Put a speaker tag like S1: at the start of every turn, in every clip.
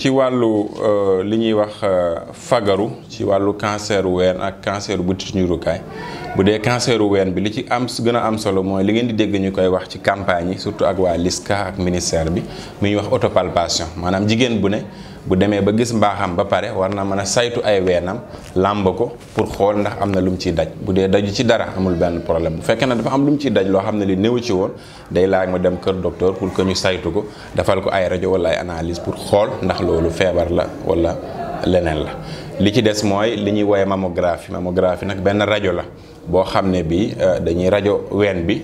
S1: ci wàllu euh, li ñuy wax euh, fagaru ci wàllu cancer ween ak cancer bu tiñurukaay bu dee cancer ween bi li ci am gën a am solo mooy li ngeen di dégg ñu koy wax ci campagne yi surtout ak waa LISCA ak ministère bi mi muy wax autopalpation maanaam jigéen bu ne. bu demee ba gis mbaaxam ba pare war na mën a saytu ay weenam làmb ko pour xool ndax am na lu mu ciy daj bu dee daju ci dara amul benn problème bu fekkee ne dafa am lu mu ciy daj loo xam ne li néew ci woon day laaj ma dem kër docteur pour que ñu saytu ko defal ko ay rajo wala ay analyse pour xool ndax loolu feebar la wala leneen la li ci des mooy li ñuy woowee mammographie mammographie nag benn rajo la boo xam ne bi euh, dañuy rajo ween bi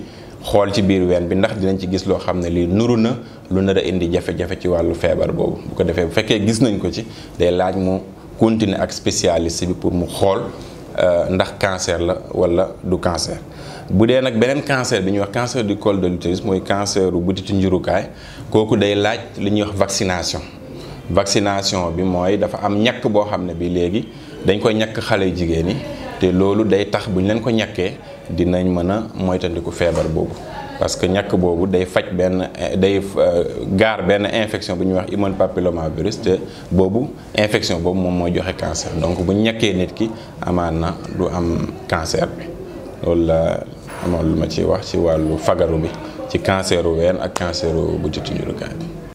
S1: xool ci biir ween bi ndax dinañ ci gis loo xam ne lii nuru na lu nar a indi jafe-jafe ci wàllu feebar boobu bu ko defee bu fekkee gis nañ ko ci day laaj mu continuer ak spécialiste bi pour mu xool euh, ndax cancer la walla du cancer. bu dee nag beneen cancer bi ñuy wax cancer du col de l'utérus mooy cancer bu butitu njurukaay kooku day laaj li ñuy wax vaccination. vaccination bi mooy dafa am ñàkk boo xam ne bi léegi dañ koy ñàkk xale jigéen yi. te loolu day tax bu ñu leen ko ñàkkee dinañ mën a moytandiku feebar boobu parce que ñàkk boobu day faj benn day euh, gaar benn infection bu ñuy wax human papilloma virus te boobu infection boobu moom mooy joxe cancer donc bu ñu ñàkkee nit ki amaan na lu am cancer bi loolu la amoon lu ma ci wax ci wàllu fagaru bi ci canceru ween ak canceru bu ci tujurukaay bi